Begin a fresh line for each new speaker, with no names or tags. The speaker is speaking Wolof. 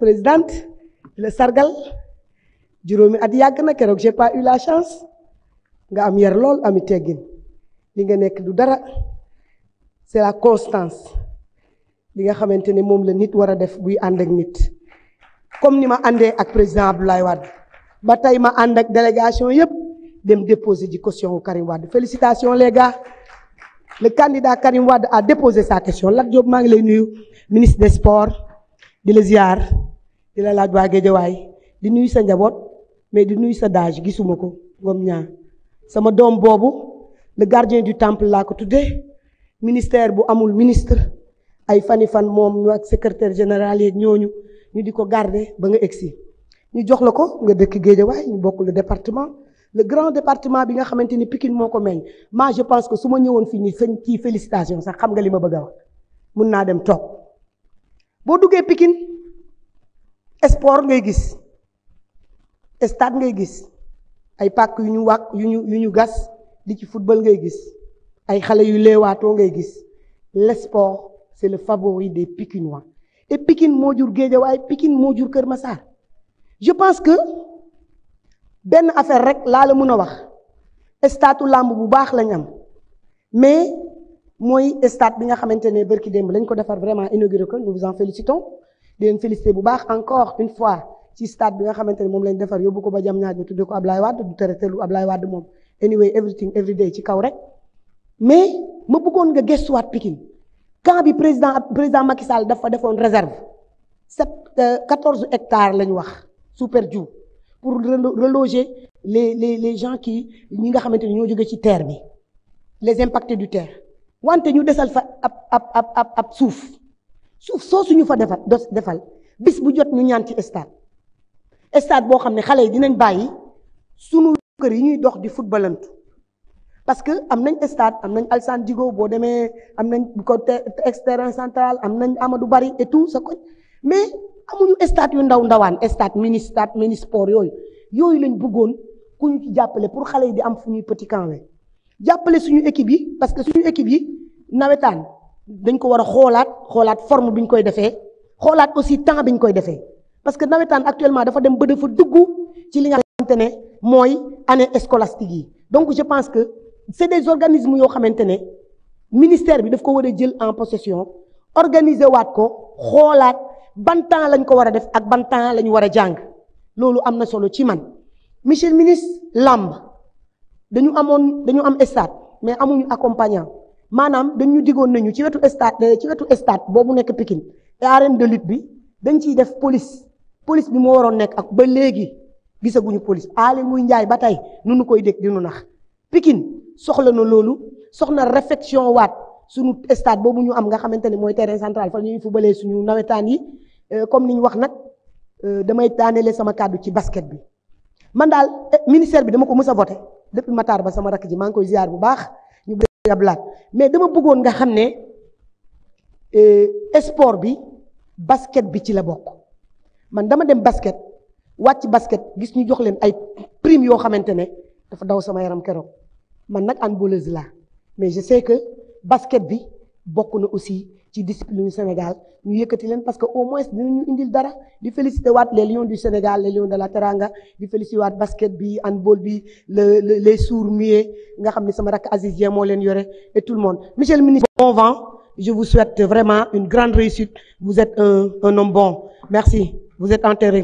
présidente la sargal juróomi at yàgg na keroog j'ai pas eu la chance nga am yar lool ami teggin li nga nekk du dara c'est la constance li nga xamante ne moom la nit war a def buy ànd ak nit comme ni ma àndee ak président Abdoulaye Wade ba tey ma ànd ak délégation yëpp dem déposer ji caution wu Karim félicitation félicitations les gars le candidat Karim Wade a déposé sa question Lat Diop maa ngi lay nuyu ministre des sports di la ziar di la laaj waa Géejawaay di nuyu sa njaboot mais di nuyu sa daaj gisuma ko ngom ñaar sama doom boobu le gardien du temple laa ko tuddee ministère bu amul ministre ay fani fan moom ñu ak secretaire général yeeg ñooñu ñu di ko garder ba nga egsi ñu jox la ko nga dëkk Géejawaay ñu bokk le département le grand département bi nga xamante ni Pikine moo ko meññ ma je pense que su ma ñëwoon fii nii sëñ ci félicitation sax xam nga li ma bëgg wax mun naa dem toog boo sport ngay gis stade ngay gis ay pàkk yu ñu wàkk yu ñu yu ñu gas di ci football ngay gis ay xale yu leewaatoo ngay gis le sport c'est le favori des Pikinois et Pikine moo jur Géejawaay Pikine moo jur Kër Massar je pense que benn affaire rek laa la mën a wax statu làmb bu baax lañ am mais mooy stade bi nga xamante ne bërki démb lañ ko defar vraiment inauguré ko nous vous en félicitons di leen félicité bu baax encore une fois ci stade bi nga xamante ne moom lañ defar yóbbu ko ba jam ñaaj ñu tuddee ko Ablaye Wade du tere telu Ablaye Wade moom anyway everything every day ci kaw rek mais ma bëggoon nga gëstuwaat Pikine camp bi président président Macky Sall dafa defoon réserve sept euh, quatorze hectares la ñu wax super jiw pour reloger les les les gens qui ñi nga xamante ne ñoo jóge ci terre bi les impactés du terre wante ñu desal fa ab ab ab ab suuf. suuf soosu ñu fa defal dos defal bis bu jot ñu ñaan ci stade stade boo xam ne xale yi dinañ bàyyi sunu kër yi ñuy dox di footballantu parce que am nañ stade am nañ Alsane Digo boo demee am nañ côté terrain centrale am nañ Amadou Bari et tout sa koñ mais amuñu stade yu ndaw ndawaan stade mini stade mini sport yooyu yooyu lañ buggoon ku ñu ci jàppale pour xale yi di am fu ñuy petit camp jàppale suñu équipe yi parce que suñu équipe yi nawetaan. dañ ko war a xoolaat xoolaat forme bi ñu koy defee xoolaat aussi temps bi ñu koy defee parce que nawetaan actuellement dafa dem ba dafa dugg ci li nga ne mooy année scolastique yi donc je pense que c'est des organismes yoo xamante ne ministère bi daf ko war a jël en possession organiser waat ko xoolaat ban temps lañ ko war a def ak ban temps la ñu war a jàng loolu am na solo ci man monsieur le ministre làmb dañu amoon dañu am stade mais amuñu accompagnant maanaam dañ ñu digoon nañu ci wetu stade eh, ci wetu stade boobu nekk Pikine arène de lutte bi dañ ciy def police police bi moo waroon nekk ak ba léegi gisaguñu police aale muy njaay ba tey nu nu koy dégg di nu nax Pikine soxla na loolu soxna refection waat suñu stade boobu ñu am nga xamante ne mooy terrain central fa ñuy fubalee suñu nawetaan yi eh, comme ni ñu wax nag eh, damay daanelee sama kàddu ci basket bi man daal ministère bi dama ko mës a voté depuis Matar ba sama rakk ji maa ngi koy ziar bu baax ablaat mais dama bëggoon nga xam ne euh, sport bi basket bi ci la bokk man dama dem basket wàcc basket gis ñu jox leen ay prime yoo xamante ne dafa daw sama yaram keroog man nag handballeuse la mais je sais que basket bi bokk na aussi ci discipline Sénégal ñu yëkkati leen parce que au moins dinañu indil dara di féliciter waat les lions du Sénégal les lions de la Teranga di féliciter waat basket bi handball bi le les sourds muets nga xam ne sama rakk Aziz Dieng moo leen yore et tout le monde monsieur le ministre bon vent je vous souhaite vraiment une grande réussite vous êtes un homme bon merci vous êtes en terrain